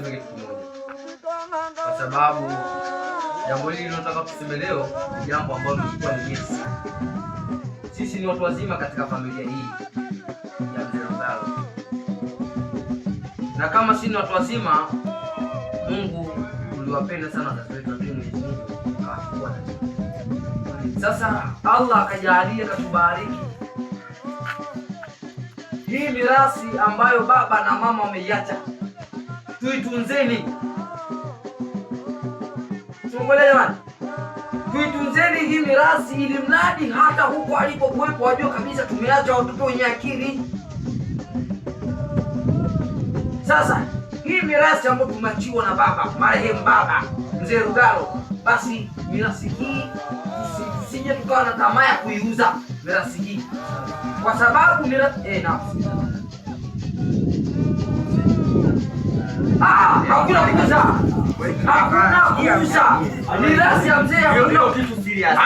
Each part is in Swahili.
tuseme kitu kimoja, kwa sababu jambo hili linataka tuseme leo ni jambo ambalo lilikuwa ni nyesi. Sisi ni watu wazima katika familia hii ya mzee Rugalo, na kama sisi ni watu wazima, Mungu uliwapenda sana wazazi wetu, lakini Mwenyezi Mungu akawachukua. Sasa Allah akajalia katubariki hii mirasi ambayo baba na mama wameiacha tuitunzeni. jamani, tuitunzeni hii mirasi, ili mradi hata huko alipokuwepo wajua kabisa tumeacha watoto wenye akili. Sasa hii mirasi ambayo tumeachiwa na baba marehemu baba mzee Rugalo, basi mirasi hii tusije tukawa na tamaa ya kuiuza mirasi hii kwa sababu mira, eh, na hakuna kuuza, hakuna kuuza, ni rasi ya mzee, hakuna kitu serious.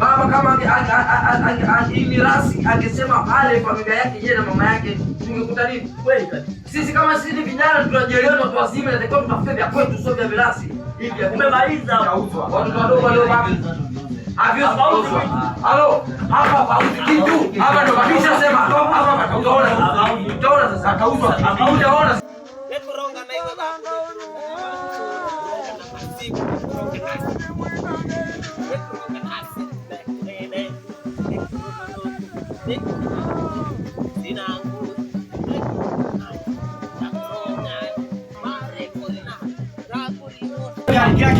Baba kama ni angesema ale familia yake yeye na mama yake tungekuta nini? Sisi kama sisi vijana tunajielewa, watu wazima, tunatakiwa tutafute vya kwetu, sio vya mirasi. Umemaliza watoto wadogo waliobaki. Halo, hapa hauzi kitu. Hapa ndo kabisa sema hapa utaona. Utaona sasa atauzwa. Utaona. Thank you.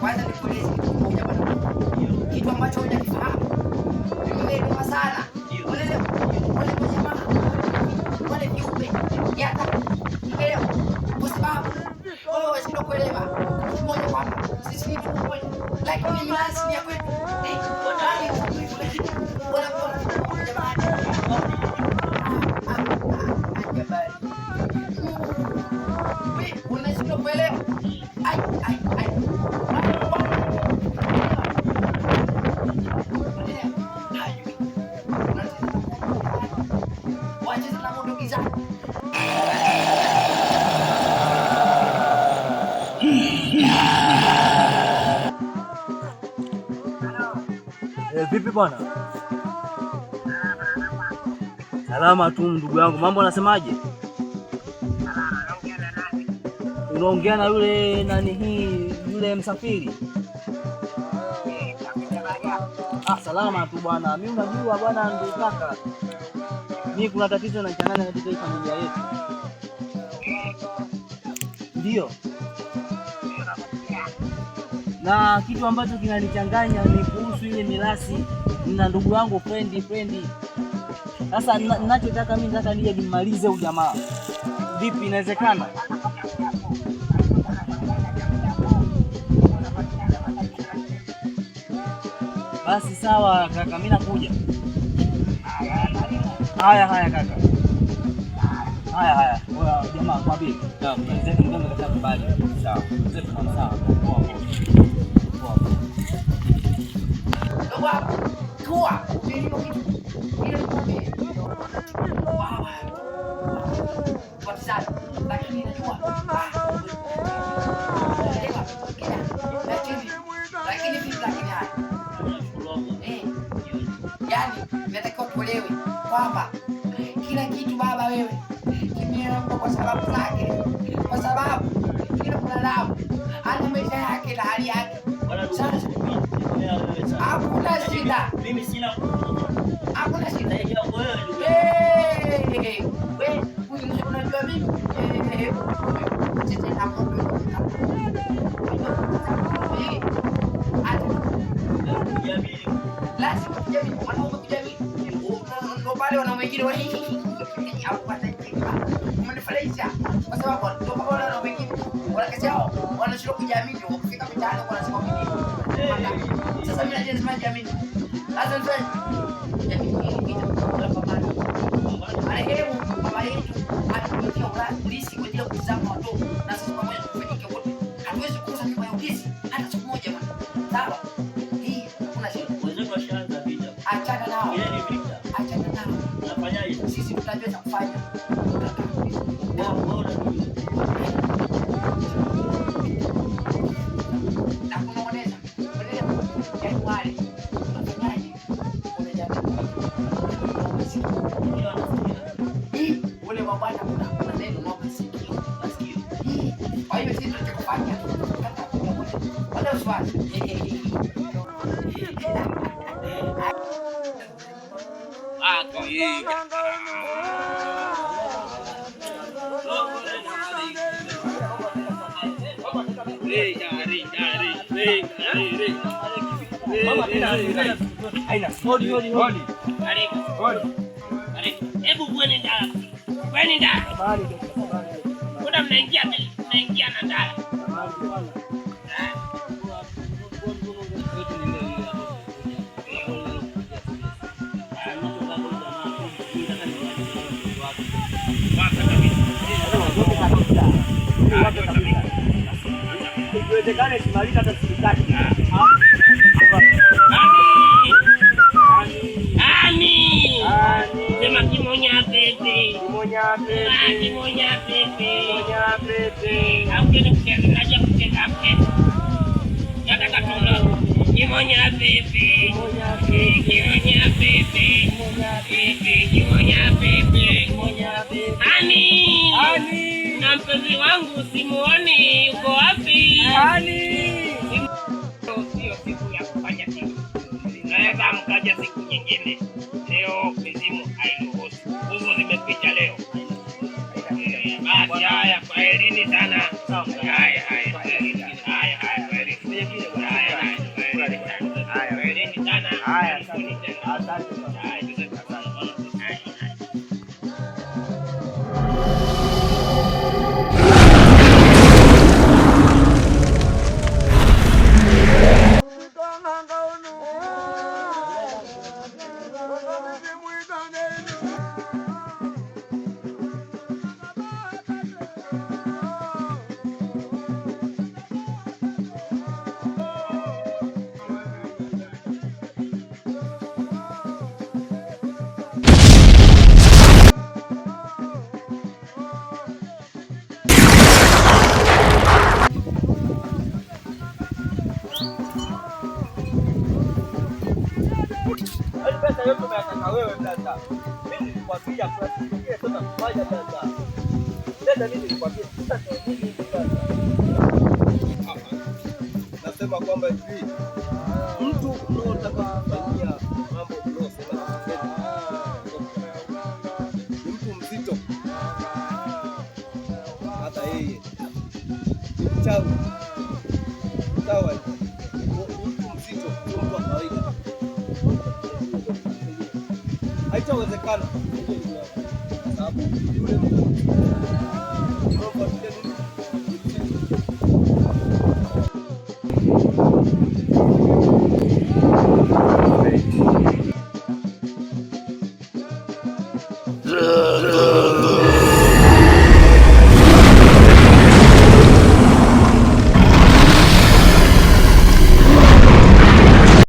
Kwanza nikuulize kitu kimoja bwana, kitu ambacho hujakifahamu imeelima sana wale jamaa wale viumbe yata elewa, kwa sababu wewe unashindwa kuelewa kitu moja kwamba sisi ni kitu moja, lakini asili ya kwetu mbele. Eh, vipi bwana? Salama tu ndugu yangu, mambo anasemaje? unaongea na yule nani hii yule msafiri? Ah, salama tu bwana. Mimi unajua bwana, ndugu kaka, mimi kuna tatizo nachanana katika familia yetu. Ndio, na kitu ambacho kinanichanganya ni kuhusu ile mirasi na ndugu wangu frendi frendi. Sasa ninachotaka mimi, nataka nije nimalize ujamaa. Vipi, inawezekana? Basi sawa kaka, mimi nakuja. Haya haya kaka, haya haya jamaa, kwa bibi, sawa. yani inatakiwa kuelewe kwamba kila kitu Baba wewe kimeanguka kwa sababu lake, kwa sababu kila mwanadamu ana maisha yake na hali yake. Yaani hakuna shida, hakuna shida. kati yao wanashindwa kujiamini, wakifika mitaani wanasema mimi. Sasa mimi naje nasema jiamini, lazima tufanye jamii hii kitu kwa pamoja. Marehemu baba yetu alikuwa polisi kwa ajili ya kuzama watoto, na sisi pamoja tumefanika wote, hatuwezi kukosa kama yokizi hata siku moja bwana. Sawa, hii hakuna shida, wenzetu washaanza vita, achana nao, ile ni vita, achana nao. Tunafanyaje sisi? Tutajua cha kufanya. Ndio, bora ule wa Bwana kuna neno naomba sikio masikio. Kwa hiyo sisi tunachofanya wala usifanye Mama, Kwani dada, kuna mnaingia mnaingia na dada ikiwezekana, simaliza hata sikitaki kutengenaja kutenga pesa yakakatula na mpenzi wangu simuoni, uko siku ya kufanya kitu, naweza mkaja siku nyingine. Basi haya, kwaherini sana. Haya haya, kwaherini. Haya haya, kwaherini. Haya haya, kwaherini sana. Haya. Nasema kwamba hivi mtu unaotaka kufanyia mambo ni mtu mzito, hata yeye mchawi. hakuna uwezekano